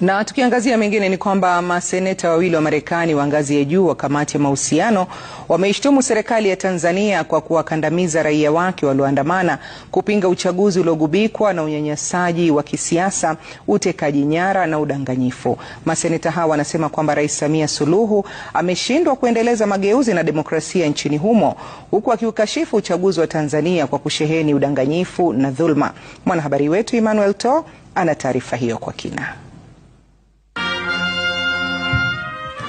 Na tukiangazia mengine ni kwamba maseneta wawili wa Marekani wa ngazi ya juu wa kamati ya mahusiano wameishtumu serikali ya Tanzania kwa kuwakandamiza raia wake walioandamana kupinga uchaguzi uliogubikwa na unyanyasaji wa kisiasa, utekaji nyara na udanganyifu. Maseneta hawa wanasema kwamba Rais Samia Suluhu ameshindwa kuendeleza mageuzi na demokrasia nchini humo huku akiukashifu uchaguzi wa Tanzania kwa kusheheni udanganyifu na dhulma. Mwanahabari wetu Emmanuel To ana taarifa hiyo kwa kina.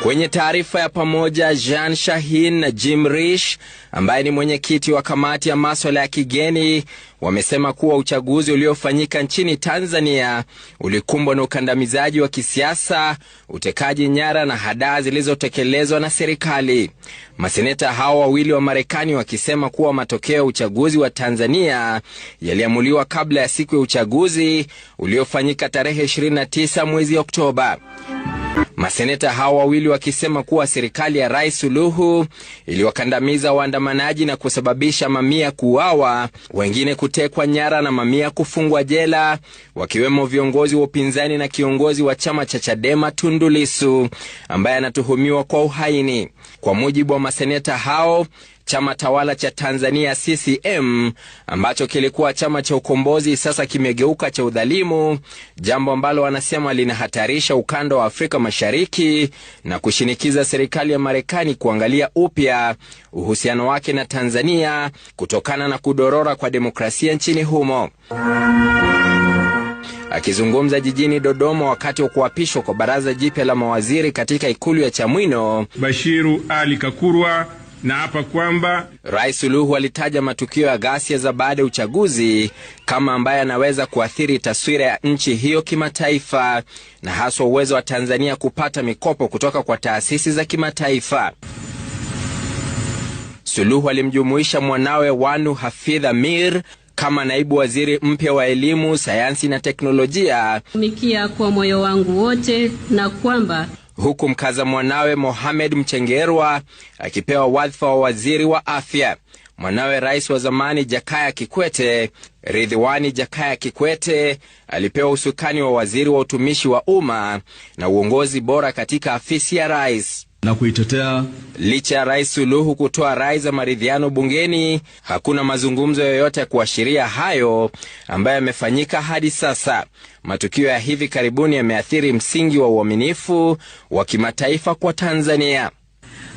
Kwenye taarifa ya pamoja, Jean Shahin na Jim Risch ambaye ni mwenyekiti wa kamati ya maswala ya kigeni wamesema kuwa uchaguzi uliofanyika nchini Tanzania ulikumbwa na ukandamizaji wa kisiasa, utekaji nyara na hadaa zilizotekelezwa na serikali. Maseneta hao wawili wa Marekani wakisema kuwa matokeo ya uchaguzi wa Tanzania yaliamuliwa kabla ya siku ya uchaguzi uliofanyika tarehe 29 mwezi Oktoba. Maseneta hao wawili wakisema kuwa serikali ya Rais Suluhu iliwakandamiza waandamanaji na kusababisha mamia kuuawa, wengine kutekwa nyara na mamia kufungwa jela, wakiwemo viongozi wa upinzani na kiongozi wa chama cha Chadema Tundu Lissu ambaye anatuhumiwa kwa uhaini. Kwa mujibu wa maseneta hao, chama tawala cha Tanzania CCM ambacho kilikuwa chama cha ukombozi sasa kimegeuka cha udhalimu, jambo ambalo wanasema linahatarisha ukanda wa Afrika Mashariki na kushinikiza serikali ya Marekani kuangalia upya uhusiano wake na Tanzania kutokana na kudorora kwa demokrasia nchini humo. Akizungumza jijini Dodoma wakati wa kuapishwa kwa baraza jipya la mawaziri katika ikulu ya Chamwino, Bashiru Ali Kakurwa na hapa kwamba Rais Suluhu alitaja matukio ya ghasia za baada ya uchaguzi kama ambaye anaweza kuathiri taswira ya nchi hiyo kimataifa na haswa uwezo wa Tanzania kupata mikopo kutoka kwa taasisi za kimataifa. Suluhu alimjumuisha mwanawe Wanu Hafidh Amir kama naibu waziri mpya wa elimu, sayansi na teknolojia. Tumikia kwa moyo wangu wote na kwamba huku mkaza mwanawe Mohamed Mchengerwa akipewa wadhifa wa waziri wa afya. Mwanawe rais wa zamani Jakaya Kikwete, Ridhiwani Jakaya Kikwete, alipewa usukani wa waziri wa utumishi wa umma na uongozi bora katika afisi ya rais na kuitetea. Licha ya Rais Suluhu kutoa rai za maridhiano bungeni, hakuna mazungumzo yoyote ya kuashiria hayo ambayo yamefanyika hadi sasa. Matukio ya hivi karibuni yameathiri msingi wa uaminifu wa kimataifa kwa Tanzania.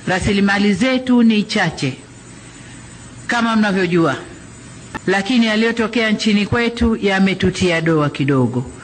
Rasilimali zetu ni chache kama mnavyojua, lakini yaliyotokea nchini kwetu yametutia doa kidogo.